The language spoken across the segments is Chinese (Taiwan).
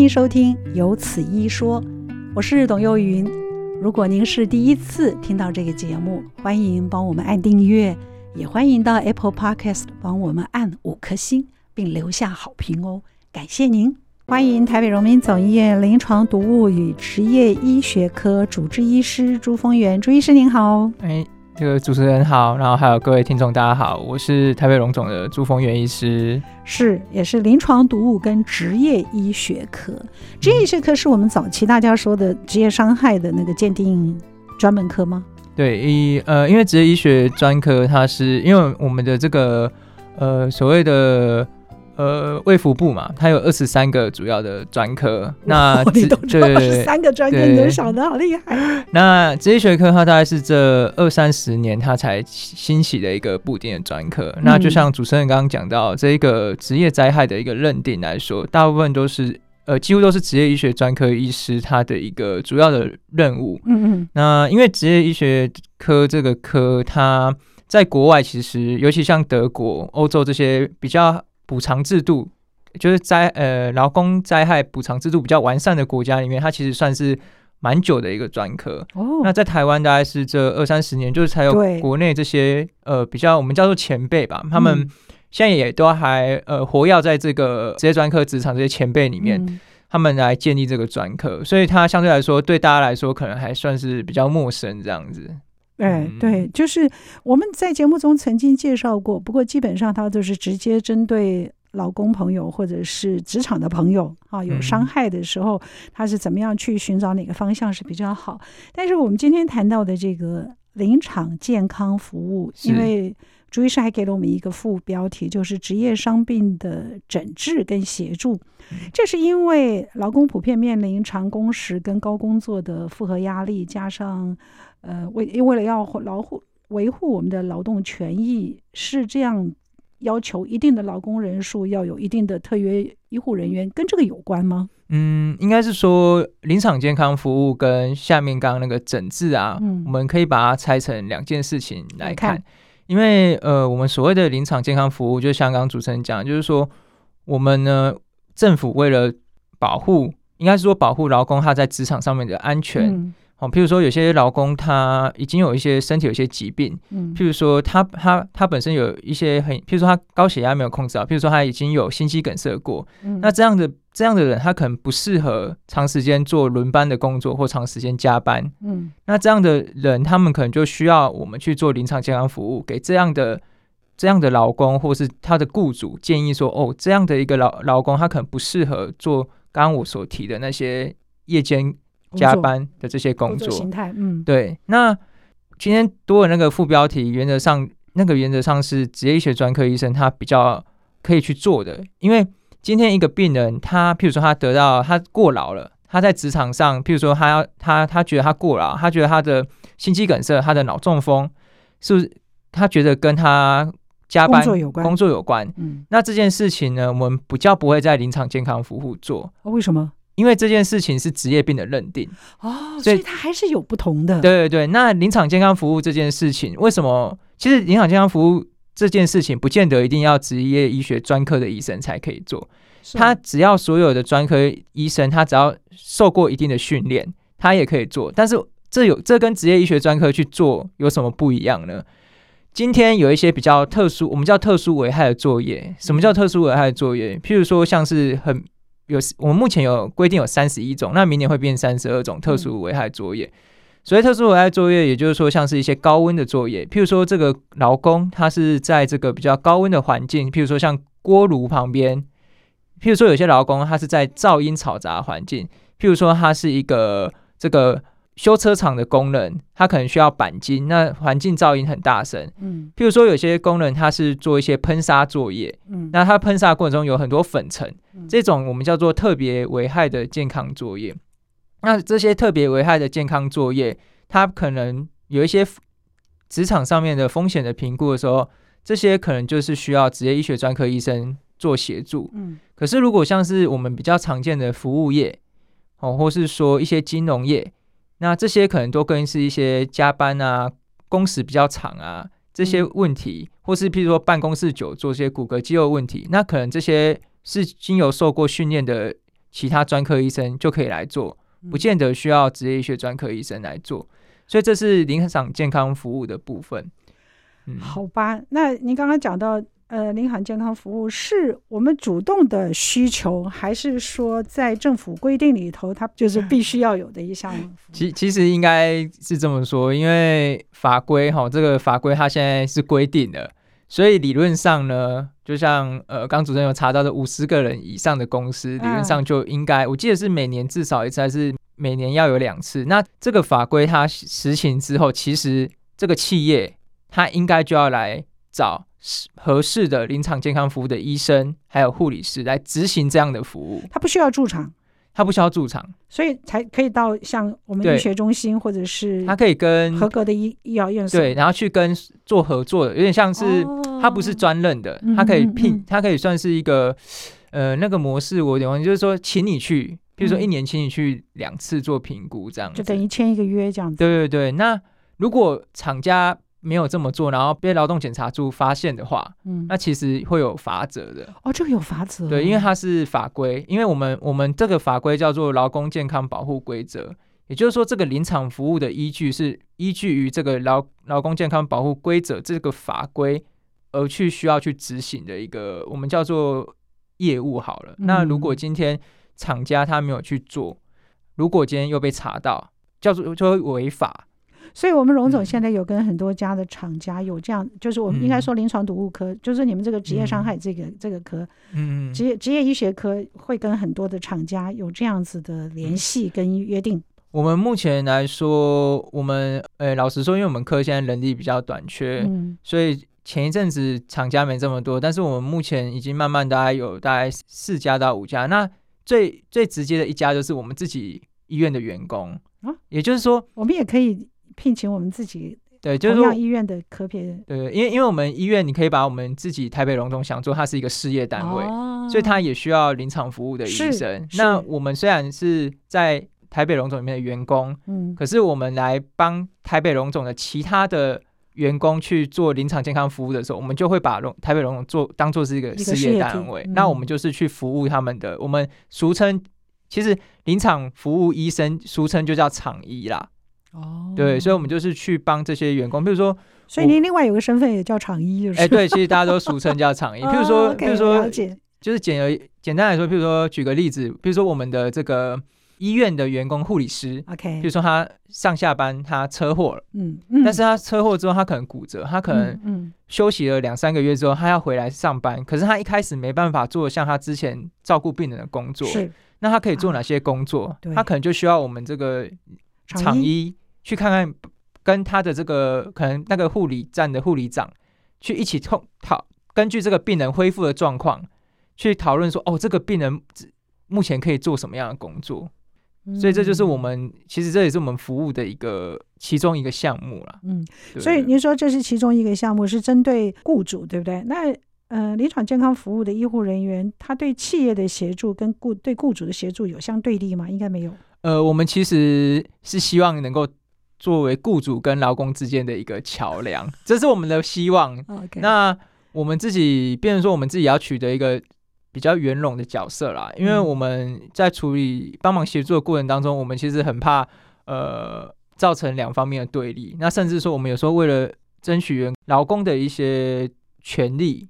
歡迎收聽《由此一說》，我是董幼雲。如果您是第一次聽到這個節目，歡迎幫我們按訂閱，也歡迎到 Apple Podcast 幫我們按五顆星並留下好評哦，感謝您！歡迎台北榮民總醫院臨床毒物與職業醫學科主治醫師朱豐沅，朱醫師您好。哎。這個主持人好，然後還有各位聽眾，大家好，我是台北榮總的朱豐沅醫師，是也是臨床毒物跟職業醫學科，職業醫學科是我們早期大家說的職業傷害的那個鑑定專門科嗎？對，一呃，因為職業醫學專科，它是因為我們的這個呃所謂的。呃，衛福部嘛，它有二十三個主要的專科。哦、那你都知道，二十三個專科，你都曉得好厲害。那職業學科它大概是這二三十年它才興起的一個部定的專科，嗯。那就像主持人剛剛講到這一個職業災害的一個認定來說，大部分都是呃，幾乎都是職業醫學專科醫師他的一個主要的任務。嗯，嗯，那因為職業醫學科這個科，它在國外其實，尤其像德國、歐洲這些比較。補償制度，就是災呃，勞工災害補償制度比較完善的國家裡面，它其實算是蠻久的一個專科、哦。那在台灣大概是這二三十年，就是才有國內這些呃比較我們叫做前輩吧，他們現在也都還呃活躍在這個職業專科職場這些前輩裡面、嗯，他們來建立這個專科，所以它相對來說對大家來說可能還算是比較陌生這樣子。哎，嗯嗯，對，就是我們在節目中曾經介紹過，不過基本上他都是直接針對勞工朋友或者是職場的朋友啊，有傷害的時候，他是怎麼樣去尋找哪個方向是比較好。但是我們今天談到的這個臨場健康服務，因為朱醫生還給了我們一個副標題，就是職業傷病的診治跟協助，嗯、這是因為勞工普遍面臨長工時跟高工作的負荷壓力，加上。呃，為為了要保護維護我們的勞動權益，是這樣要求一定的勞工人數要有一定的特約醫護人員，跟這個有關嗎？嗯，應該是說臨場健康服務跟下面剛剛那個診治啊，嗯，我們可以把它拆成兩件事情來看。看因為呃，我們所謂的臨場健康服務，就像剛剛主持人講，就是說我們呢，政府為了保護，應該是說保護勞工他在職場上面的安全。嗯哦，譬如說，有些勞工他已經有一些身體有些疾病，嗯，譬如說他他他本身有一些很，譬如說他高血壓沒有控制好，譬如說他已經有心肌梗塞過，嗯，那這樣的這樣的人，他可能不適合長時間做輪班的工作或長時間加班，嗯，那這樣的人，他們可能就需要我們去做臨場健康服務，給這樣的這樣的勞工或是他的雇主建議說，哦，這樣的一個老勞，勞工他可能不適合做剛剛我所提的那些夜間加班的這些工作，心態，嗯，對。那今天多的那個副標題，原則上，那個原則上是職業醫學專科醫生他比較可以去做的，因為今天一個病人他，他譬如說他得到他過勞了，他在職場上，譬如說他要他他覺得他過勞，他覺得他的心肌梗塞，嗯、他的腦中風，是不是他覺得跟他加班有關？工作有關、嗯，那這件事情呢，我們比較不會在臨場健康服務做，為什麼？因為這件事情是職業病的認定哦，所以它還是有不同的。對對對，那臨場健康服務這件事情，為什麼其實臨場健康服務這件事情不見得一定要職業醫學專科的醫生才可以做？他只要所有的專科醫生，他只要受過一定的訓練，他也可以做。但是這有這跟職業醫學專科去做有什麼不一樣呢？今天有一些比較特殊，我們叫特殊危害的作業。什麼叫特殊危害的作業？嗯、譬如說像是很。有，我們目前有規定有三十一種，那明年會變三十二種特殊危害作業。嗯、所謂特殊危害作業，也就是說像是一些高溫的作業，譬如說這個勞工他是在這個比較高溫的環境，譬如說像鍋爐旁邊，譬如說有些勞工他是在噪音嘈雜環境，譬如說他是一個這個。修車廠的工人，他可能需要鈑金，那環境噪音很大聲，嗯。譬如說有些工人他是做一些噴砂作業，嗯，那他噴砂過程中有很多粉塵，嗯，這種我們叫做特別危害的健康作業。那這些特別危害的健康作業，它可能有一些職場上面的風險的評估的時候，這些可能就是需要職業醫學專科醫生做協助。嗯，可是如果像是我們比較常見的服務業，哦，或是說一些金融業。那這些可能都跟是一些加班啊、工時比較長啊這些問題，嗯，或是譬如說辦公室久坐這些骨骼肌肉問題，那可能這些是經由受過訓練的其他專科醫生就可以來做，不見得需要職業醫學專科醫生來做。嗯，所以這是臨場健康服務的部分。嗯，好吧，那您剛剛講到。呃，臨場健康服務是我們主動的需求，還是說在政府規定裡頭，它就是必須要有的一項？其其實應該是這麼說，因為法規哈，這個法規它現在是規定的，所以理論上呢，就像呃，剛主任有查到的，五十個人以上的公司，理論上就應該、啊，我記得是每年至少一次，還是每年要有兩次？那這個法規它實行之後，其實這個企業它應該就要來。找適合適的臨場健康服務的醫生，還有護理師來執行這樣的服務。他不需要駐場，他不需要駐場，所以才可以到像我們醫學中心或者是他可以跟合格的醫醫療院所，對，然後去跟做合作的，有點像是、哦、他不是專任的嗯嗯嗯，他可以聘，他可以算是一個呃那個模式。我有點就是說，請你去，比如說一年，請你去兩、嗯、次做評估，這樣子就等於簽一個約這樣子。對對對，那如果廠家。沒有這麼做，然後被勞動檢查處發現的話，嗯，那其實會有罰則的。哦，這個有罰則，對，因為它是法規，因為我們我們這個法規叫做《勞工健康保護規則》，也就是說，這個臨場服務的依據是依據於這個勞勞工健康保護規則這個法規而去需要去執行的一個我們叫做業務好了、嗯。那如果今天廠家他沒有去做，如果今天又被查到，叫做就會違法。所以，我們榮總現在有跟很多家的廠家有這樣、嗯，就是我們應該說臨床毒物科、嗯，就是你們這個職業傷害這個、嗯、這個科，嗯，職業職業醫學科會跟很多的廠家有這樣子的聯繫跟約定。我們目前來說，我們誒、欸，老實說，因為我們科現在人力比較短缺，嗯，所以前一陣子廠家沒這麼多，但是我們目前已經慢慢大概有大概四家到五家。那最最直接的一家就是我們自己醫院的員工啊，也就是說，我們也可以。聘請我們自己對，就是醫院的科別人對、就是、對，因為因為我們醫院，你可以把我們自己台北榮總想做，它是一個事業單位，哦、所以它也需要臨場服務的醫生。那我們雖然是在台北榮總裡面的員工，嗯，可是我們來幫台北榮總的其他的員工去做臨場健康服務的時候，我們就會把榮台北榮總做當做是一個事業單位業、嗯，那我們就是去服務他們的。我們俗稱，其實臨場服務醫生俗稱就叫廠醫啦。哦、oh,，對，所以我們就是去幫這些員工，譬如說，所以你另外有個身份也叫廠醫，就是，哎，對，其實大家都俗稱叫廠醫。譬、 oh, okay, 如說，譬如說，簡就是簡而簡單來說，譬如說舉個例子，譬如說我們的這個醫院的員工護理師，OK，譬如說他上下班他車禍了，嗯嗯，但是他車禍之後他可能骨折，他可能嗯休息了兩三個月之後他要回來上班、嗯嗯，可是他一開始沒辦法做像他之前照顧病人的工作，是，那他可以做哪些工作？啊、對他可能就需要我們這個廠醫。去看看，跟他的這個可能那個護理站的護理長去一起通討，根據這個病人恢復的狀況去討論說，哦，這個病人目前可以做什麼樣的工作？嗯、所以這就是我們其實這也是我們服務的一個其中一個項目了。嗯，對對，所以您說這是其中一個項目，是針對雇主對不對？那呃，臨場健康服務的醫護人員，他對企業的協助跟雇對雇主的協助有相對立嗎？應該沒有。呃，我們其實是希望能夠。作為僱主跟勞工之間的一個橋梁，這是我們的希望。Oh, okay. 那我們自己，比如說，我們自己要取得一個比較圓融的角色啦。因為我們在處理幫忙協助的過程當中，嗯、我們其實很怕呃造成兩方面的對立。那甚至說，我們有時候為了爭取員工、勞工的一些權利，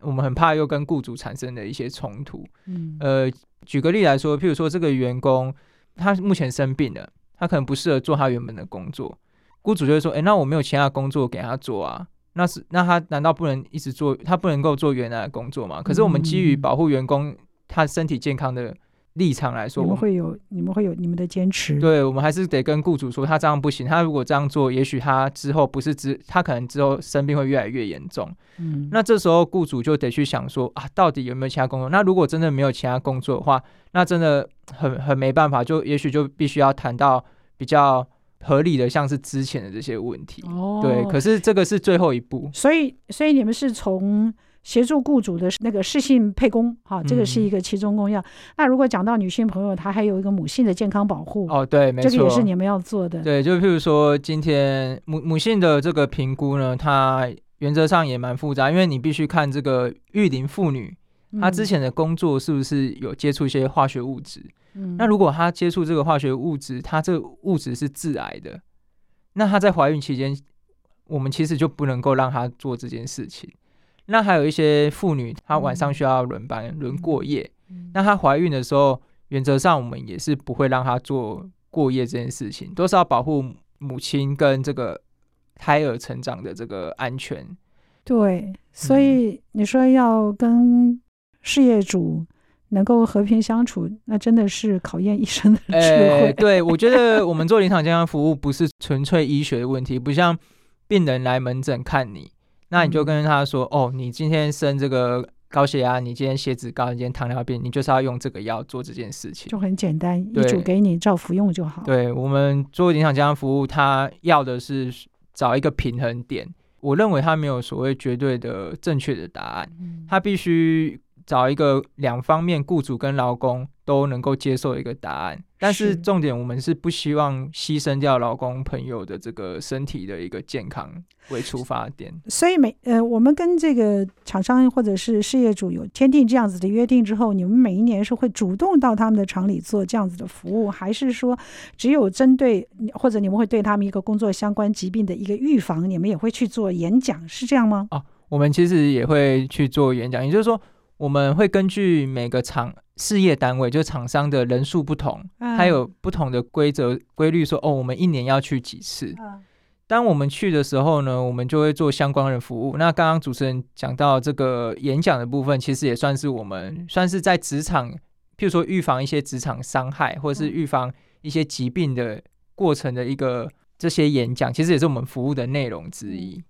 我們很怕又跟雇主產生的一些衝突。嗯，呃，舉個例來說，譬如說這個員工他目前生病了。他可能不適合做他原本的工作，雇主就會說：“誒、欸，那我沒有其他工作給他做啊，那是那他難道不能一直做？他不能夠做原來的工作嗎？可是我們基於保護員工、嗯、他身體健康的立場來說，你們會有你們會有你們的堅持。對，我們還是得跟雇主說，他這樣不行。他如果這樣做，也許他之後不是只他可能之後生病會越來越嚴重。嗯，那這時候雇主就得去想說啊，到底有沒有其他工作？那如果真的沒有其他工作的話，那真的。”很很沒辦法，就也許就必須要談到比較合理的，像是之前的這些問題、哦。對，可是這個是最後一步。所以，所以你們是從協助雇主的那個適性配工，哈、啊嗯，這個是一個其中工作。那如果講到女性朋友，她還有一個母性的健康保護。哦，對，沒錯，這個也是你們要做的。對，就譬如說今天母母性的這個評估呢，它原則上也蠻複雜，因為你必須看這個育齡婦女。她之前的工作是不是有接觸一些化學物質？嗯，那如果她接觸這個化學物質，她這個物質是致癌的，那她在懷孕期間，我們其實就不能夠讓她做這件事情。那還有一些婦女，她晚上需要輪班，嗯，輪過夜，嗯，那她懷孕的時候，原則上我們也是不會讓她做過夜這件事情，都是要保護母親跟這個胎兒成長的這個安全。對，所以你說要跟，嗯。事業主能夠和平相處，那真的是考驗醫生的智慧、欸。對，我覺得我們做臨場健康服務不是純粹醫學的問題， 不像病人來門診看你，那你就跟他說、嗯：“哦，你今天生這個高血壓，你今天血脂高，你今天糖尿病，你就是要用這個藥做這件事情。”就很簡單，醫囑給你照服用就好。對，我們做臨場健康服務，他要的是找一個平衡點。我認為他沒有所謂絕對的正確的答案，他、嗯、必須。找一個兩方面，雇主跟勞工都能夠接受一個答案，但是重點我們是不希望犧牲掉勞工朋友的這個身體的一個健康為出發點。所以每呃，我們跟這個廠商或者是事業主有簽訂這樣子的約定之後，你們每一年是會主動到他們的廠裡做這樣子的服務，還是說只有針對，或者你們會對他們一個工作相關疾病的一個預防，你們也會去做演講，是這樣嗎？哦、啊，我們其實也會去做演講，也就是說。我們會根據每個廠事業單位，就廠商的人數不同，還、嗯、有不同的規則規律說，說哦，我們一年要去幾次。當我們去的時候呢，我們就會做相關的服務。那剛剛主持人講到這個演講的部分，其實也算是我們，算是在職場，譬如說預防一些職場傷害，或是預防一些疾病的過程的一個、嗯、這些演講，其實也是我們服務的內容之一。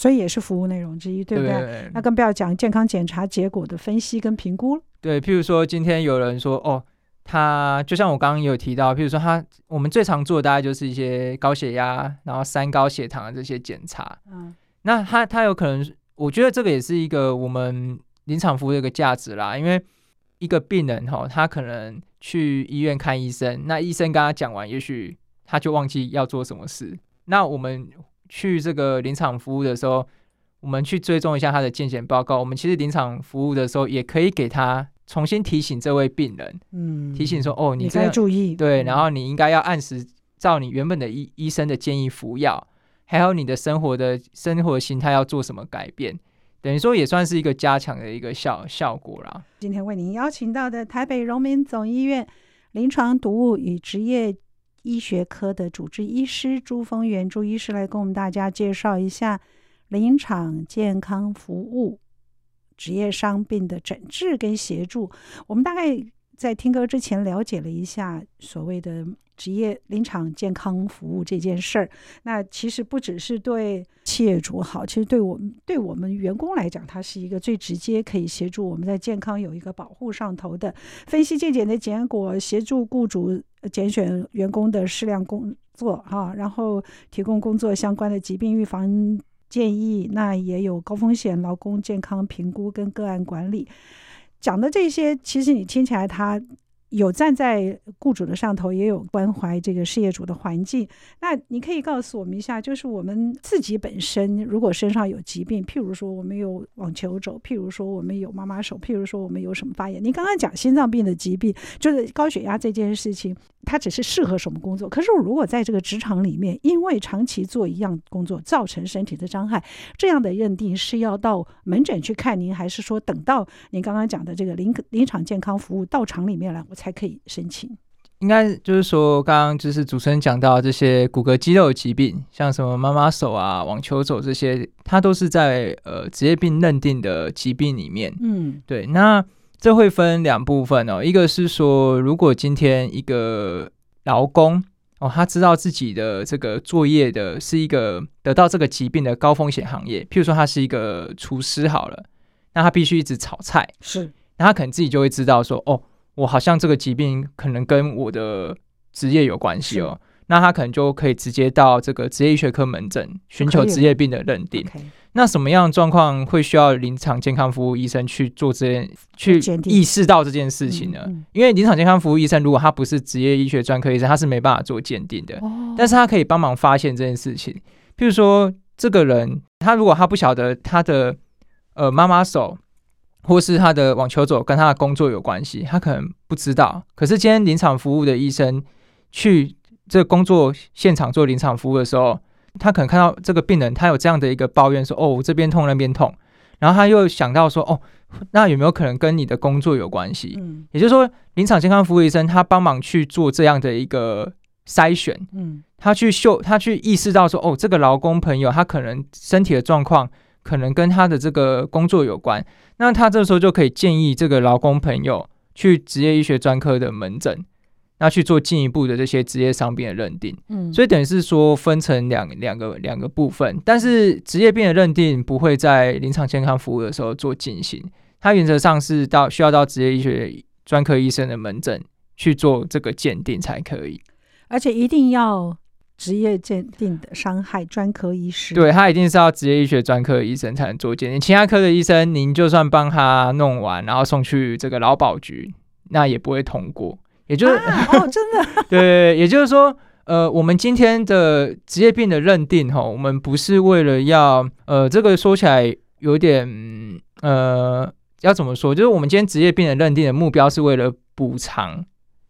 所以也是服務內容之一對對，對不對？那更不要講健康檢查結果的分析跟評估了。對，譬如說今天有人說哦，他就像我剛剛有提到，譬如說他我們最常做的大概就是一些高血壓，然後三高血糖的這些檢查。嗯，那他他有可能，我覺得這個也是一個我們臨場服務的一個價值啦。因為一個病人哈、哦，他可能去醫院看醫生，那醫生跟他講完，也許他就忘記要做什麼事。那我們。去這個臨場服務的時候，我們去追蹤一下他的健檢報告。我們其實臨場服務的時候，也可以給他重新提醒這位病人，嗯，提醒說哦，你應該注意，對，然後你應該要按時照你原本的醫醫生的建議服藥，還有你的生活的生活形態要做什麼改變，等於說也算是一個加強的一個效效果了。今天為您邀請到的台北榮民總醫院臨床毒物與職業醫學科的主治醫師朱豐沅朱醫師來跟我們大家介紹一下臨場健康服務、職業傷病的診治跟協助。我們大概在聽歌之前了解了一下所謂的。職業臨場健康服務這件事兒，那其實不只是對企業主好，其實對我們對我們員工來講，它是一個最直接可以協助我們在健康有一個保護上頭的分析、健檢的結果，協助雇主揀選員工的適量工作哈、啊，然後提供工作相關的疾病預防建議，那也有高風險勞工健康評估跟個案管理。講的這些，其實你聽起來它。有站在雇主的上頭，也有關懷這個事業主的環境。那你可以告訴我們一下，就是我們自己本身，如果身上有疾病，譬如說我們有網球肘，譬如說我們有媽媽手，譬如說我們有什麼發炎。您剛剛講心臟病的疾病，就是高血壓這件事情。它只是適合什麼工作？可是我如果在這個職場裡面，因為長期做一樣工作造成身體的傷害，這樣的認定是要到門診去看您，還是說等到您剛剛講的這個臨臨場健康服務到廠裡面來，我才可以申請？應該就是說，剛剛就是主持人講到這些骨骼肌肉疾病，像什麼媽媽手啊、網球肘這些，它都是在呃職業病認定的疾病裡面。嗯，對，那。這會分兩部分哦，一個是說，如果今天一個勞工哦，他知道自己的這個作業的是一個得到這個疾病的高風險行業，譬如說他是一個廚師好了，那他必須一直炒菜，是，那他可能自己就會知道說，哦，我好像這個疾病可能跟我的職業有關係哦。那他可能就可以直接到這個職業醫學科門診尋求職業病的認定。Okay. Okay. 那什麼樣的狀況會需要臨場健康服務醫生去做這件去意識到這件事情呢？嗯嗯，因為臨場健康服務醫生如果他不是職業醫學專科醫生，他是沒辦法做鑑定的。Oh. 但是他可以幫忙發現這件事情。譬如說，這個人他如果他不曉得他的呃媽媽手或是他的網球肘跟他的工作有關係，他可能不知道。可是今天臨場服務的醫生去。這個工作現場做臨場服務的時候，他可能看到這個病人，他有這樣的一個抱怨說：“哦，這邊痛，那邊痛。”然後他又想到說：“哦，那有沒有可能跟你的工作有關係？”嗯，也就是說，臨場健康服務醫生他幫忙去做這樣的一個篩選，嗯，他去嗅，他去意識到說：“哦，這個勞工朋友他可能身體的狀況可能跟他的這個工作有關。”那他這時候就可以建議這個勞工朋友去職業醫學專科的門診。那去做進一步的這些職業傷病的認定，嗯，所以等於是說分成兩兩個兩個部分，但是職業病的認定不會在臨場健康服務的時候做進行，它原則上是到需要到職業醫學專科醫生的門診去做這個鑑定才可以，而且一定要職業鑑定的傷害專科醫師，對，他一定是要職業醫學專科醫生才能做鑑定，其他科的醫生您就算幫他弄完，然後送去這個勞保局，那也不會通過。也就是、啊、哦，真的 對，也就是說，呃，我們今天的職業病的認定齁，我們不是為了要呃，這個說起來有點、嗯、呃，要怎麼說？就是我們今天職業病的認定的目標是為了補償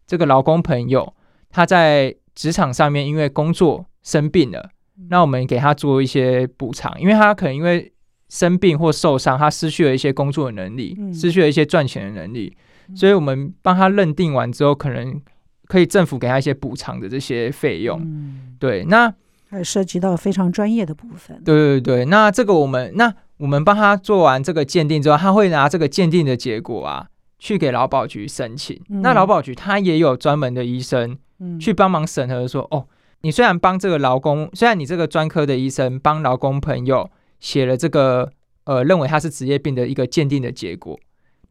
這個勞工朋友他在職場上面因為工作生病了，那我們給他做一些補償，因為他可能因為生病或受傷，他失去了一些工作的能力，嗯、失去了一些賺錢的能力。所以我們幫他認定完之後，可能可以政府給他一些補償的這些費用。嗯，對，那還涉及到非常專業的部分。對對對，那這個我們那我們幫他做完這個鑑定之後，他會拿這個鑑定的結果啊，去給勞保局申請。嗯，那勞保局他也有專門的醫生去幫忙審核，說，嗯。哦，你雖然幫這個勞工，雖然你這個專科的醫生幫勞工朋友寫了這個呃，認為他是職業病的一個鑑定的結果。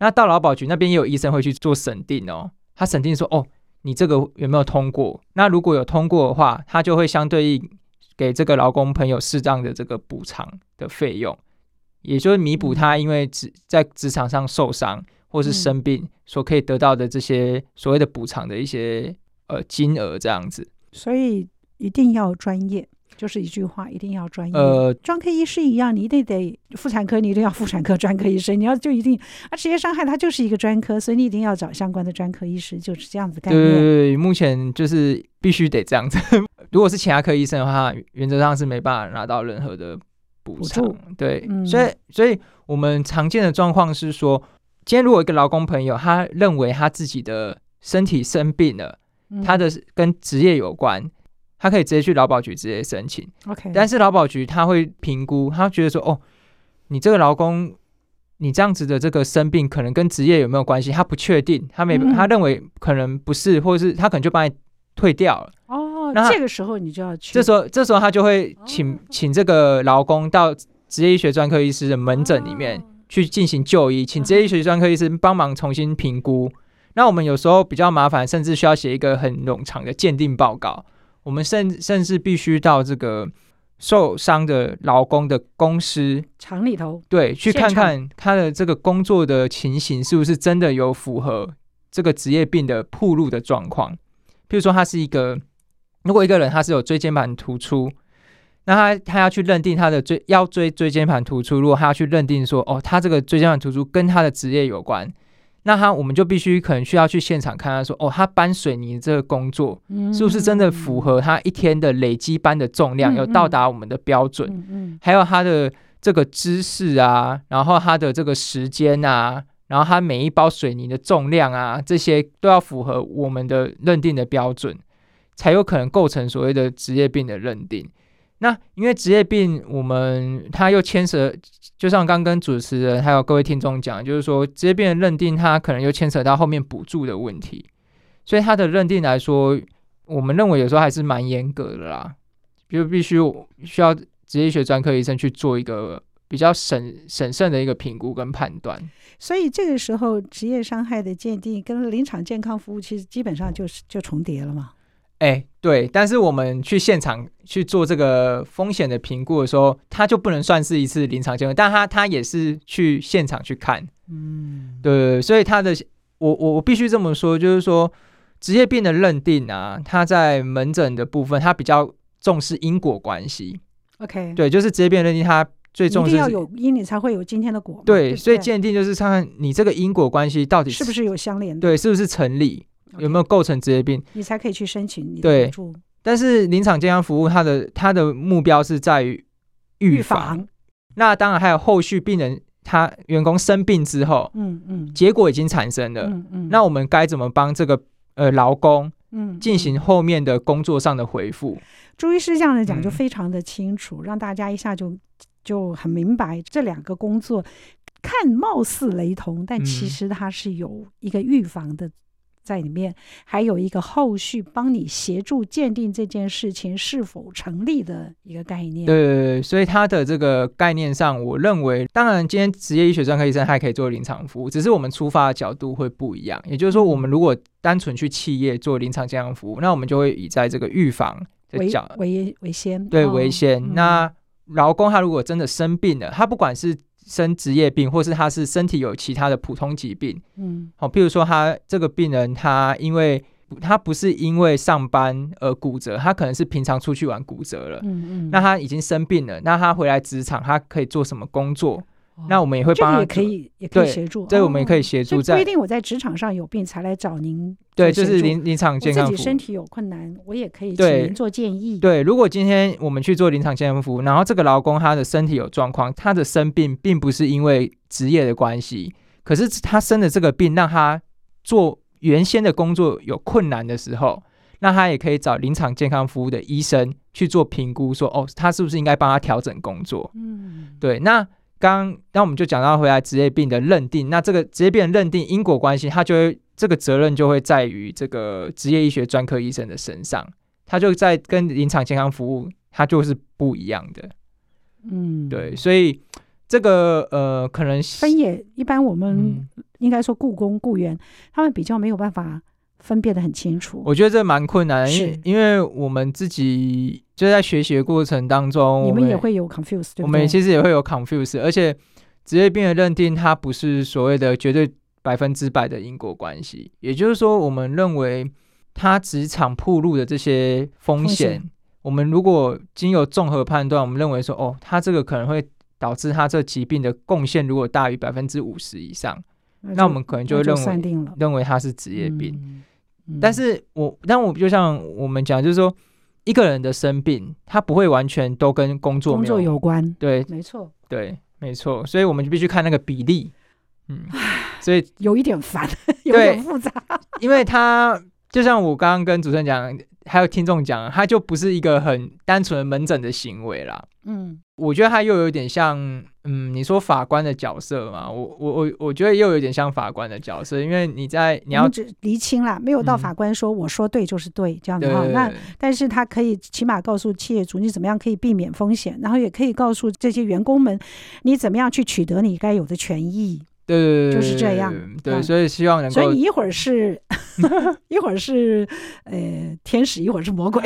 那到勞保局那邊也有醫生會去做審定哦，他審定說哦，你這個有沒有通過？那如果有通過的話，他就會相對應給這個勞工朋友適當的這個補償的費用，也就是彌補他因為職在職場上受傷或是生病所可以得到的這些所謂的補償的一些呃金額這樣子。所以一定要專業。就是一句話，一定要專業。呃，專科醫師一樣，你一定得婦產科，你一定要婦產科專科醫生，你要就一定啊，職業傷害它就是一個專科，所以你一定要找相關的專科醫師，就是這樣子幹。對對對，目前就是必須得這樣子。 如果是其他科醫生的話，原則上是沒辦法拿到任何的補償。補助對、嗯，所以所以我們常見的狀況是說，今天如果一個勞工朋友他認為他自己的身體生病了，嗯、他的跟職業有關。他可以直接去勞保局直接申請，OK。但是勞保局他會評估，他覺得說，哦，你這個勞工，你這樣子的這個生病可能跟職業有沒有關係？他不確定，他沒，嗯、他認為可能不是，或者是他可能就把你退掉了。哦，那這個時候你就要去，這時候這時候他就會請、哦、請這個勞工到職業醫學專科醫師的門診裡面、哦、去進行就醫，請職業醫學專科醫師幫忙重新評估、嗯。那我們有時候比較麻煩，甚至需要寫一個很冗長的鑑定報告。我們甚甚至必須到這個受傷的勞工的公司廠裡頭，對，去看看他的這個工作的情形是不是真的有符合這個職業病的曝露的狀況。譬如說，他是一個，如果一個人他是有椎間盤突出，那他他要去認定他的椎腰椎椎間盤突出，如果他要去認定說，哦，他這個椎間盤突出跟他的職業有關。那他，我們就必須可能需要去現場看，看，他說，哦，他搬水泥這個工作，是不是真的符合他一天的累積搬的重量，有、嗯嗯嗯、到達我們的標準嗯嗯？還有他的這個姿勢啊，然後他的這個時間啊，然後他每一包水泥的重量啊，這些都要符合我們的認定的標準，才有可能構成所謂的職業病的認定。那因為職業病，我們他又牽涉。就像剛，剛跟主持人還有各位聽眾講，就是說，職業病認定他可能又牽扯到後面補助的問題，所以他的認定來說，我們認為有時候還是蠻嚴格的啦，就必須需要職業學專科醫生去做一個比較審審慎的一個評估跟判斷。所以這個時候，職業傷害的鑑定跟臨場健康服務其實基本上就是就重疊了嘛。哎、欸，對，但是我們去現場去做這個風險的評估的時候，他就不能算是一次臨場結論，但他他也是去現場去看，嗯，對，對，對，所以他的我我我必須這麼說，就是說職業病的認定啊，他在門診的部分，他比較重視因果關係。OK，對，就是職業病認定，他最重要，一定要有因，你才會有今天的果。對，就是、所以鑑定就是看，看你這個因果關係到底是不是有相連的，對，是不是成立。Okay, 有沒有構成職業病，你才可以去申請你的援助。但是臨場健康服務它的它的目標是在於預防,防。那當然還有後續病人他員工生病之後，嗯嗯，結果已經產生了，嗯嗯，那我們該怎麼幫這個呃勞工，嗯，進行後面的工作上的回復、嗯嗯？朱醫師這樣來講就非常的清楚，嗯、讓大家一下就就很明白。這兩個工作看貌似雷同，但其實它是有一個預防的。嗯在裡面還有一個後續，幫你協助鑑定這件事情是否成立的一個概念。對，對，對，所以它的這個概念上，我認為，當然，今天職業醫學專科醫生還可以做臨場服務，只是我們出發的角度會不一樣。也就是說，我們如果單純去企業做臨場健康服務，那我們就會以在這個預防為角為為先。對，為先、哦嗯。那勞工他如果真的生病了，他不管是。生職業病，或是他是身體有其他的普通疾病，嗯，好，譬如說他這個病人，他因為他不是因為上班而骨折，他可能是平常出去玩骨折了，嗯嗯，那他已經生病了，那他回來職場，他可以做什麼工作？哦、那我們也會幫、這個、也可以也可以協助，所以、哦這個、我們也可以協助在。在不一定我在職場上有病才來找您，對，就是臨臨場健康服務，自己身體有困難，我也可以請您做建議。對，對如果今天我們去做臨場健康服務，然後這個勞工他的身體有狀況，他的生病並不是因為職業的關係，可是他生的這個病讓他做原先的工作有困難的時候，那他也可以找臨場健康服務的醫生去做評估說，說哦，他是不是應該幫他調整工作？嗯，對，那。剛剛我們就講到回來職業病的認定，那這個職業病的認定因果關係，他就會這個責任就會在於這個職業醫學專科醫生的身上，他就在跟臨場健康服務，他就是不一樣的。嗯，對，所以這個呃，可能分野一般，我們應該說僱工僱員、嗯，他們比較沒有辦法分辨得很清楚。我覺得這蠻困難，因因為我們自己。就在學習的過程當中，我們，你們也會有 confuse 對對。我們其實也會有 confuse，而且職業病的認定，它不是所謂的絕對百分之百的因果關係。也就是說，我們認為它職場暴露的這些風險，我們如果經由綜合判斷，我們認為說，哦，它這個可能會導致它這疾病的貢獻，如果大於百分之五十以上那，那我們可能就會認為就認為它是職業病。嗯嗯。但是我，但我就像我們講，就是說。一個人的生病，他不會完全都跟工作沒有工作有關，對，沒錯，對，沒錯，所以我們就必須看那個比例，嗯，所以有一點煩，有一點複雜， 因為他就像我剛剛跟主持人講。還有聽眾講，他就不是一個很單純的門診的行為了。嗯，我覺得他又有點像，嗯，你說法官的角色嘛，我我我我覺得又有點像法官的角色，因為你在你要釐清了，沒有到法官說我說對就是對、嗯、這樣的話。那但是他可以起碼告訴企業主你怎麼樣可以避免風險，然後也可以告訴這些員工們你怎麼樣去取得你該有的權益。對對對，對，就是這樣。對，所以希望能夠。所以你一會兒是， 一會兒是，呃，天使，一會兒是魔鬼。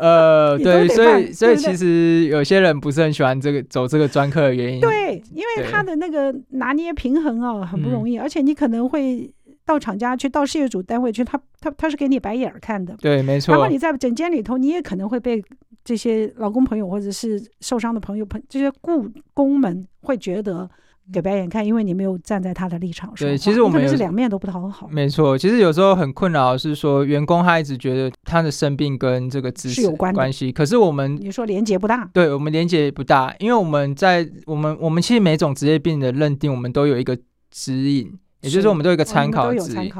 呃， 對，所以對對所以其實有些人不是很喜歡這個走這個專科的原因對。對，因為他的那個拿捏平衡哦、嗯，很不容易。而且你可能會到廠家去，到事業主單位去，他他他是給你白眼兒看的。對，沒錯。然後你在診間裡頭，你也可能會被這些老公朋友或者是受傷的朋友朋這些雇工們會覺得。給白眼看，因為你沒有站在他的立場上。對，其實我們就是兩面都不討好。沒錯，其實有時候很困擾，是說員工他一直覺得他的生病跟這個職業有關係，可是我們你說連結不大。對，我們連結不大，因為我們在我們我們其實每種職業病的認定，我們都有一個指引，也就是我們都有一個參考指引。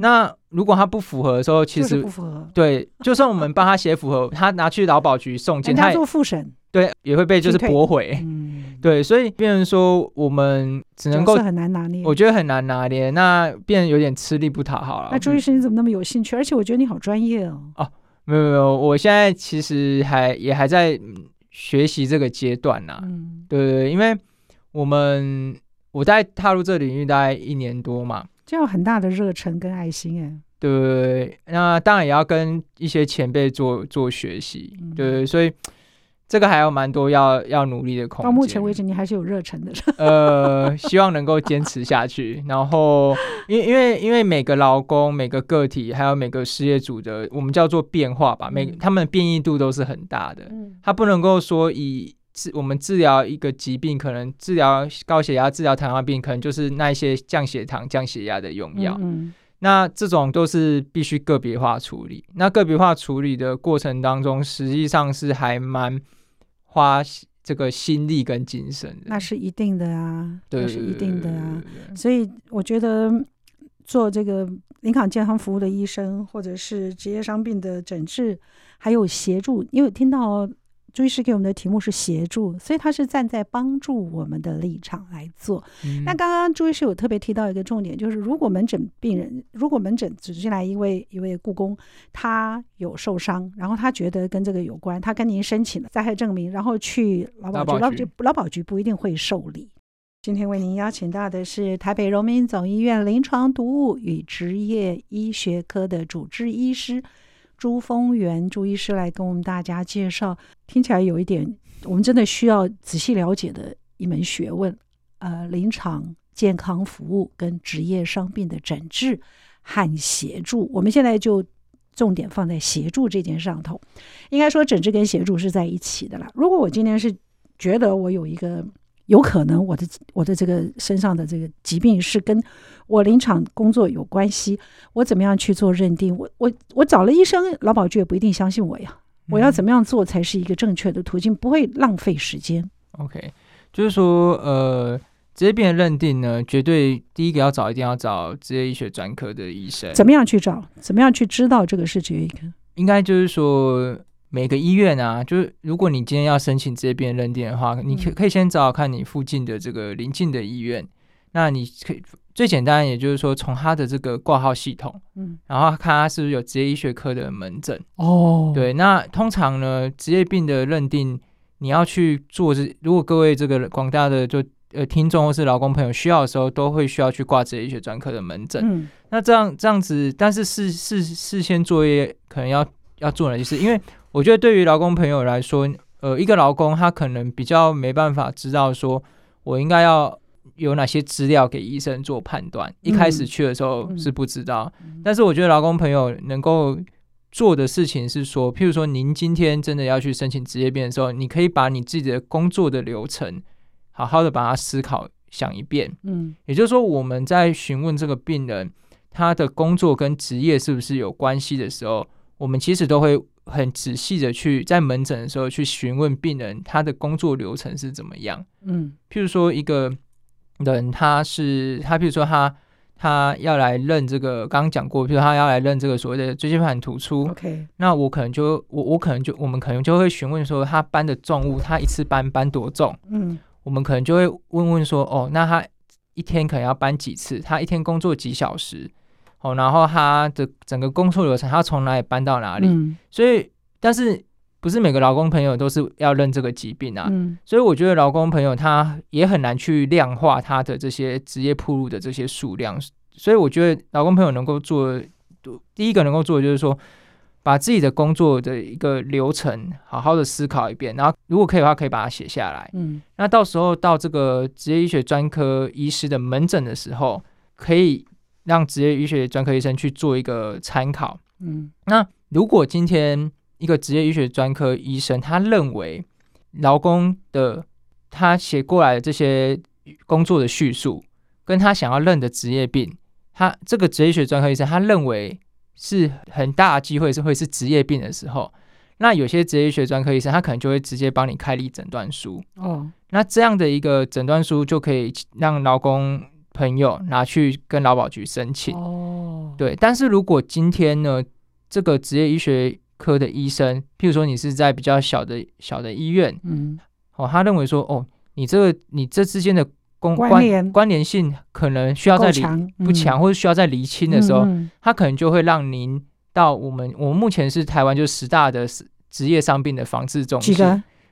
那如果他不符合的時候，嗯、其實、就是、對，就算我們幫他寫符合， 他拿去勞保局送檢，他做複審也，對，也會被就是駁回。對，所以變成，說我們只能夠我覺得很難拿捏，那變成有點吃力不討好了。那朱醫生，你怎麼那麼有興趣？嗯、而且我覺得你好專業哦。哦、啊，沒有沒有，我現在其實還也還在學習這個階段呢、啊嗯。對，因為我們我在踏入這領域大概一年多嘛，就要很大的熱忱跟愛心哎、欸。對，那當然也要跟一些前輩做做學習、嗯。對，所以。這個還有蠻多要要努力的空間。到目前為止，你還是有熱忱的。 呃，希望能夠堅持下去。 然後，因為因為因為每個勞工、每個個體，還有每個事業組的，我們叫做變化吧，嗯、每他們的變異度都是很大的。嗯、他不能夠說以治我們治療一個疾病，可能治療高血壓、治療糖尿病，可能就是那一些降血糖、降血壓的用藥嗯嗯。那這種都是必須個別化處理。那個別化處理的過程當中，實際上是還蠻。花這個心力跟精神，那是一定的啊，對，那是一定的啊。所以我覺得做這個臨場健康服務的醫生，或者是職業傷病的診治，還有協助，因為聽到、哦。朱醫師給我們的題目是協助，所以他是站在幫助我們的立場來做。那、嗯、剛剛朱醫師有特別提到一個重點，就是如果門診病人，如果門診走進來一位一位雇工，他有受傷，然後他覺得跟這個有關，他跟您申請了災害證明，然後去勞保局，勞保局，局不一定會受理、嗯。今天為您邀請到的是台北榮民總醫院臨床毒物與職業醫學科的主治醫師。朱豐沅，朱醫師來跟我們大家介紹，聽起來有一點我們真的需要仔細了解的一門學問，呃，臨場健康服務跟職業傷病的診治和協助。我們現在就重點放在協助這件上頭，應該說診治跟協助是在一起的啦。如果我今天是覺得我有一個。有可能我的我的這個身上的這個疾病是跟我臨場工作有關係，我怎麼樣去做認定？我我我找了醫生，勞保局也不一定相信我呀。我要怎麼樣做才是一個正確的途徑，嗯，不會浪費時間。OK，就是說，呃，職業病認定呢，絕對第一個要找，一定要找職業醫學專科的醫生。怎麼樣去找？怎麼樣去知道這個事情？應該就是說。每個醫院啊，就是如果你今天要申請職業病的認定的話，你可可以先找找看你附近的這個鄰近的醫院。嗯、那你可以最簡單，也就是說，從他的這個掛號系統，嗯，然後看他是不是有職業醫學科的門診。哦，對，那通常呢，職業病的認定你要去做，如果各位這個廣大的就呃聽眾或是勞工朋友需要的時候，都會需要去掛職業醫學專科的門診，嗯。那這樣這樣子，但是事事事先作業可能要要做的，就是因為。 我覺得對於勞工朋友來說，呃，一個勞工他可能比較沒辦法知道說，我應該要有哪些資料給醫生做判斷。嗯。一開始去的時候是不知道，嗯，嗯。但是我覺得勞工朋友能夠做的事情是說，譬如說您今天真的要去申請職業病的時候，你可以把你自己的工作的流程好好的把它思考想一遍。嗯，也就是說我們在詢問這個病人他的工作跟職業是不是有關係的時候，我們其實都會。很仔細的去在門診的時候去詢問病人他的工作流程是怎麼樣，嗯，譬如說一個人他是他，譬如說他他要來認這個，剛剛講過，譬如他要來認這個所謂的椎間盤突出，OK，那我可能就我我可能就我們可能就會詢問說，他搬的重物他一次搬搬多重，嗯，我們可能就會問問說，哦，那他一天可能要搬幾次，他一天工作幾小時。哦，然後他的整個工作流程，他從哪裡搬到哪裡，嗯、所以但是不是每個勞工朋友都是要認這個疾病啊、嗯，所以我覺得勞工朋友他也很難去量化他的這些職業暴露的這些數量，所以我覺得勞工朋友能夠做的第一個能夠做的就是說，把自己的工作的一個流程好好的思考一遍，然後如果可以的話，可以把它寫下來。嗯，那到時候到這個職業醫學專科醫師的門診的時候，可以。讓職業醫學專科醫生去做一個參考。嗯，那如果今天一個職業醫學專科醫生他認為勞工的他寫過來的這些工作的敘述，跟他想要認的職業病，他這個職業學專科醫生他認為是很大的機會是會是職業病的時候，那有些職業醫學專科醫生他可能就會直接幫你開立診斷書。哦，那這樣的一個診斷書就可以讓勞工，朋友拿去跟勞保局申請，哦，對。但是如果今天呢，這個職業醫學科的醫生，譬如說你是在比較小的小的醫院，嗯，哦，他認為說，哦，你這個你這之間的公關聯關聯關聯性可能需要再，嗯、不強，或者需要再釐清的時候，嗯，他可能就會讓您到我們，我們目前是台灣就是十大的職業傷病的防治中心。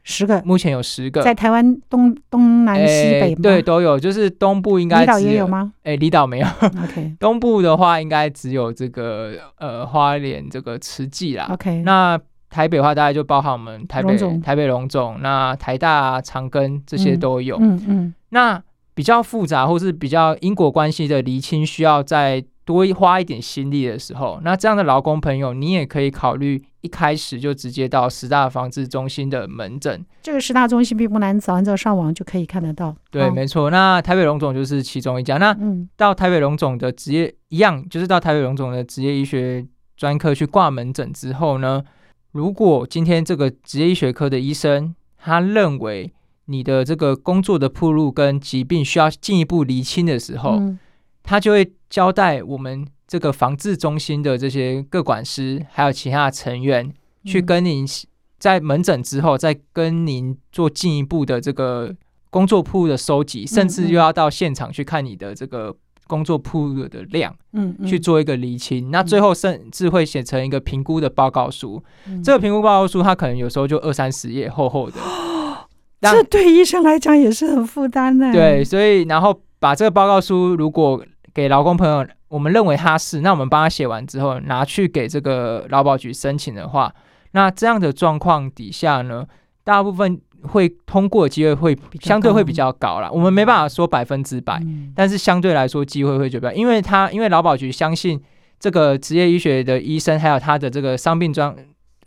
十個，目前有十個，在台灣東東南、欸、西北，對，都有，就是東部應該離島也有嗎？哎、欸，離島沒有。 OK，東部的話應該只有這個呃花蓮這個慈濟啦。OK，那台北的話大概就包含我們台北台北龍總，那台大、啊、長庚這些都有。嗯嗯，嗯，那。比較複雜，或是比較因果關係的釐清，需要再多一花一點心力的時候，那這樣的勞工朋友，你也可以考慮一開始就直接到十大防治中心的門診。這個十大中心並不難找，只要上網就可以看得到。對，哦、沒錯。那台北榮總就是其中一家。那、嗯、到台北榮總的職業一樣，就是到台北榮總的職業醫學專科去掛門診之後呢，如果今天這個職業醫學科的醫生他認為。你的這個工作的暴露跟疾病需要進一步釐清的時候，嗯，他就會交代我們這個防治中心的這些個管師，還有其他的成員、嗯、去跟您在門診之後，再跟您做進一步的這個工作暴露的收集、嗯嗯，甚至又要到現場去看你的這個工作暴露的量，嗯，嗯，去做一個釐清。嗯。那最後甚至會寫成一個評估的報告書。嗯、這個評估報告書，它可能有時候就二三十頁，厚厚的。這對醫生來講也是很負擔的、啊。對，所以然後把這個報告書，如果給勞工朋友，我們認為他是，那我們幫他寫完之後，拿去給這個勞保局申請的話，那這樣的狀況底下呢，大部分會通過的機會會相對會比較高啦。我們沒辦法說百分之百，嗯、但是相對來說機會會比較高，因為他因為勞保局相信這個職業醫學的醫生還有他的這個傷病狀。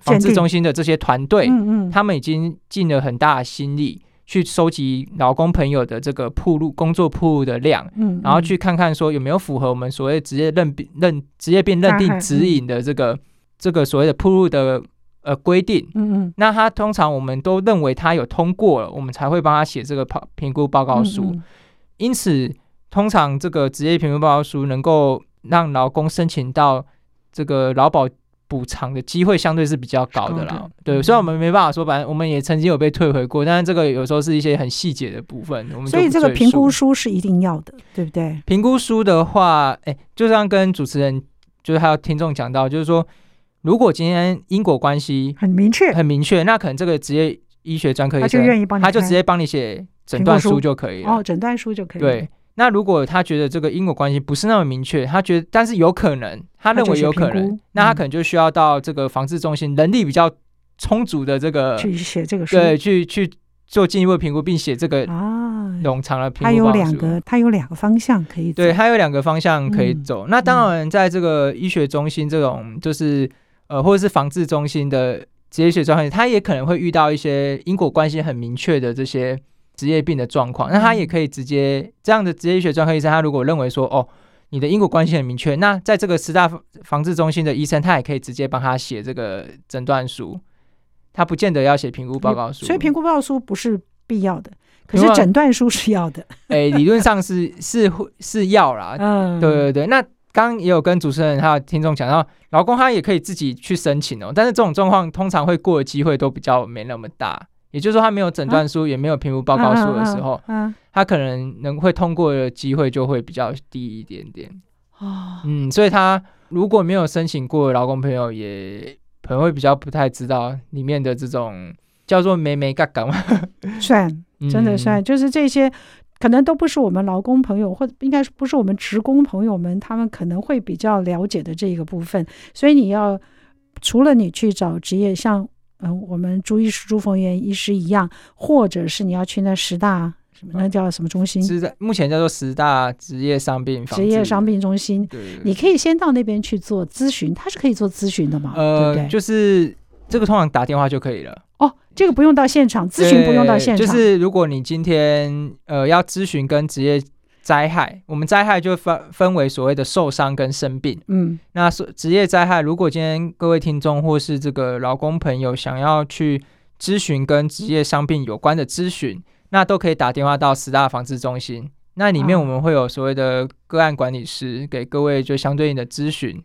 防治中心的這些團隊、嗯嗯，他們已經盡了很大的心力去收集勞工朋友的這個曝露工作曝露的量、嗯嗯，然後去看看說有沒有符合我們所謂職業認認職業病認定指引的這個、啊嗯、這個所謂的曝露的呃規定、嗯嗯，那他通常我們都認為他有通過了，我們才會幫他寫這個評估報告書、嗯嗯。因此，通常這個職業評估報告書能夠讓勞工申請到這個勞保補償的機會相對是比較高的啦、哦對，對。雖然我們沒辦法說，反正我們也曾經有被退回過，但是這個有時候是一些很細節的部分。我們所以這個評估書是一定要的，對不對？評估書的話，哎，就像跟主持人就是還有聽眾講到，就是說，如果今天因果關係很明確，很明確，那可能這個職業醫學專科醫生他就願意幫他就直接幫你寫診斷書就可以了。哦，診斷書就可以。對。那如果他覺得這個因果關係不是那麼明確，他覺得但是有可能，他認為有可能，那他可能就需要到這個防治中心能力比較充足的這個去寫這個書，對，去去做進一步評估，並寫這個啊冗長的評估、啊。他有兩個，他有兩個方向可以走。對，他有兩個方向可以走。嗯、那當然，在這個醫學中心這種，就是、嗯、呃，或者是防治中心的職業醫學專業，他也可能會遇到一些因果關係很明確的這些。職業病的狀況，那他也可以直接這樣的職業醫學專科醫生，他如果認為說哦，你的因果關係很明確，那在這個十大防治中心的醫生，他也可以直接幫他寫這個診斷書，他不見得要寫評估報告書，嗯、所以評估報告書不是必要的，可是診斷書是要的。哎、欸，理論上是是是要啦，嗯，對對對。那剛剛也有跟主持人還有聽眾講到，勞工他也可以自己去申請哦，但是這種狀況通常會過的機會都比較沒那麼大。也就是說，他沒有診斷書、啊，也沒有評估報告書的時候、啊啊啊，他可能能會通過的機會就會比較低一點點、哦。嗯，所以他如果沒有申請過，勞工朋友也可能會比較不太知道裡面的這種叫做“眉眉角角”嘛，算、嗯、真的算，就是這些可能都不是我們勞工朋友，或者應該是不是我們職工朋友們，他們可能會比較了解的這一個部分。所以你要除了你去找職業像。嗯，我們朱醫師、朱豐源醫師一樣，或者是你要去那十大什麼，那叫什麼中心？是在目前叫做十大職業傷病職業傷病中心。對，對，對，你可以先到那邊去做諮詢，它是可以做諮詢的嘛？呃，對不對？就是這個通常打電話就可以了。哦，這個不用到現場諮詢，不用到現場。就是如果你今天呃要諮詢跟職業。災害，我們災害就分分為所謂的受傷跟生病。嗯，那職業災害，如果今天各位聽眾或是這個勞工朋友想要去諮詢跟職業傷病有關的諮詢。嗯，那都可以打電話到十大防治中心。那裡面我們會有所謂的個案管理師給各位就相對應的諮詢。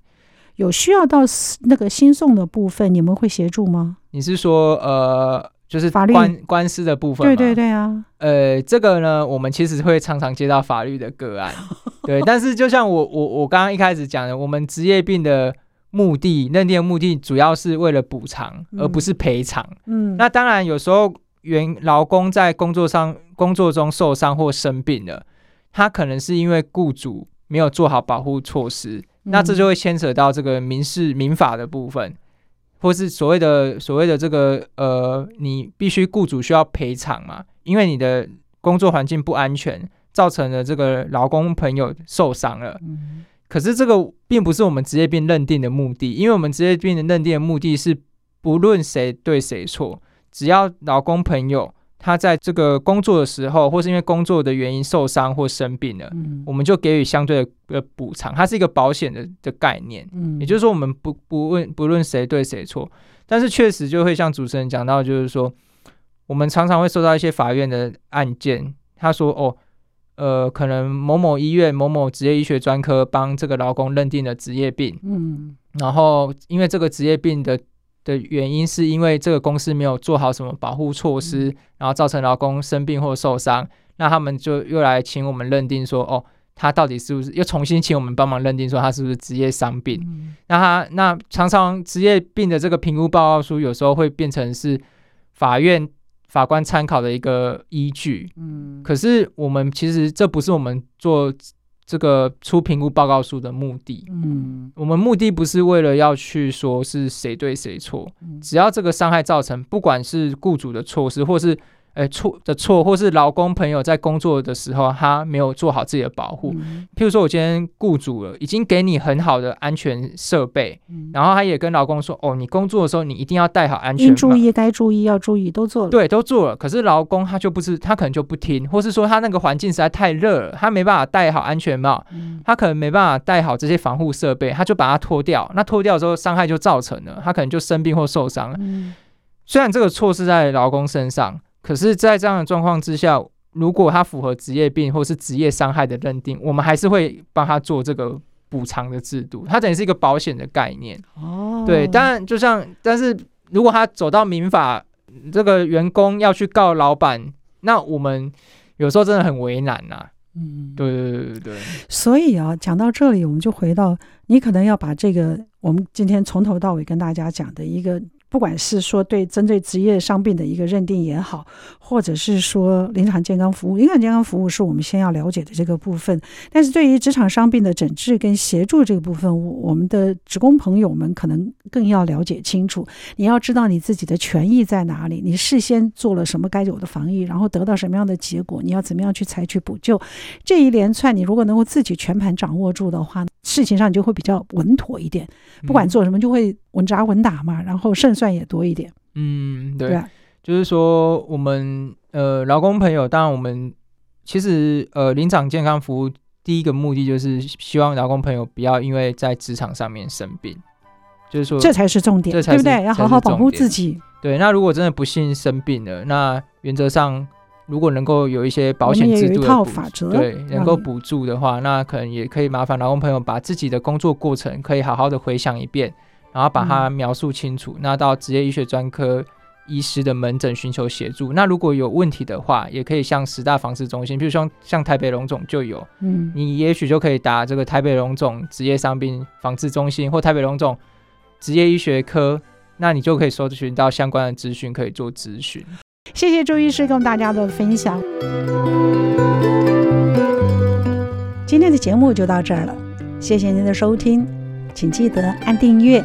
有需要到那個新送的部分，你們會協助嗎？你是說呃，就是官，法律官司的部分嘛。對對對啊。呃，這個呢，我們其實會常常接到法律的個案， 對，但是就像我我我剛剛一開始講的，我們職業病的目的，認定的目的主要是為了補償，而不是賠償。嗯，嗯，那當然有時候員勞工在工作上工作中受傷或生病了，他可能是因為僱主沒有做好保護措施。嗯，那這就會牽扯到這個民事民法的部分。或是所謂的所謂的這個呃，你必須雇主需要賠償嘛？因為你的工作環境不安全，造成了這個勞工朋友受傷了。嗯、可是這個並不是我們職業病認定的目的，因為我們職業病的認定的目的是不論誰對誰錯，只要勞工朋友。他在這個工作的時候，或是因為工作的原因受傷或生病了，嗯、我們就給予相對的補償。它是一個保險的的概念、嗯，也就是說，我們不不問不論誰對誰錯，但是確實就會像主持人講到，就是說，我們常常會收到一些法院的案件，他說：“哦，呃，可能某某醫院某某職業醫學專科幫這個勞工認定了職業病，嗯、然後因為這個職業病的。”的原因是因為這個公司沒有做好什麼保護措施，嗯，然後造成勞工生病或受傷，那他們就又來請我們認定說，哦，他到底是不是又重新請我們幫忙認定說他是不是職業傷病？嗯、那他那常常職業病的這個評估報告書有時候會變成是法院法官參考的一個依據。嗯，可是我們其實這不是我們做。這個出評估報告書的目的，嗯，我們目的不是為了要去說是誰對誰錯，只要這個傷害造成，不管是雇主的措施或是。呃、哎、錯的錯，或是勞工朋友在工作的時候，他沒有做好自己的保護、嗯。譬如說，我今天雇主了，已經給你很好的安全設備、嗯，然後他也跟勞工說：“哦，你工作的時候，你一定要戴好安全帽。”你注意，該注意，要注意，都做了。對，都做了。可是勞工他就不是，他可能就不聽，或是說他那個環境實在太熱了，他沒辦法戴好安全帽、嗯，他可能沒辦法戴好這些防護設備，他就把它脫掉。那脫掉之後，傷害就造成了，他可能就生病或受傷、嗯。雖然這個錯是在勞工身上。可是，在這樣的狀況之下，如果他符合職業病或是職業傷害的認定，我們還是會幫他做這個補償的制度。它等於是一個保險的概念哦。對，當然，就像，但是如果他走到民法，這個員工要去告老板，那我們有時候真的很為難吶。嗯，對對對對。所以啊，講到這裡，我們就回到你可能要把這個我們今天從頭到尾跟大家講的一個。不管是說對針對職業傷病的一個認定也好，或者是說臨場健康服務，臨場健康服務是我們先要了解的這個部分。但是對於職場傷病的診治跟協助這個部分我，我們的職工朋友們可能更要了解清楚。你要知道你自己的權益在哪裡，你事先做了什麼該有的防疫，然後得到什麼樣的結果，你要怎麼樣去採取補救。這一連串，你如果能夠自己全盤掌握住的話，事情上你就會比較穩妥一點。不管做什麼，就會、嗯。穩紮穩打嘛，然後勝算也多一點。嗯，對，對就是說，我們呃，勞工朋友，當然我們其實呃，臨場健康服務第一個目的就是希望勞工朋友不要因為在職場上面生病，就是說這才是重點，對不對？要好好保護自己。對，那如果真的不幸生病了，那原則上如果能夠有一些保險制度，有一套法則對能夠補助的話，那可能也可以麻煩勞工朋友把自己的工作過程可以好好的回想一遍。然後把它描述清楚，那、嗯、到職業醫學專科醫師的門診尋求協助。那如果有問題的話，也可以向十大防治中心，譬如像像台北龍總就有，嗯，你也許就可以打這個台北龍總職業傷病防治中心或台北龍總職業醫學科，那你就可以搜尋到相關的資訊，可以做諮詢。謝謝朱醫師跟大家的分享。今天的節目就到這兒了，謝謝您的收聽，請記得按訂閱。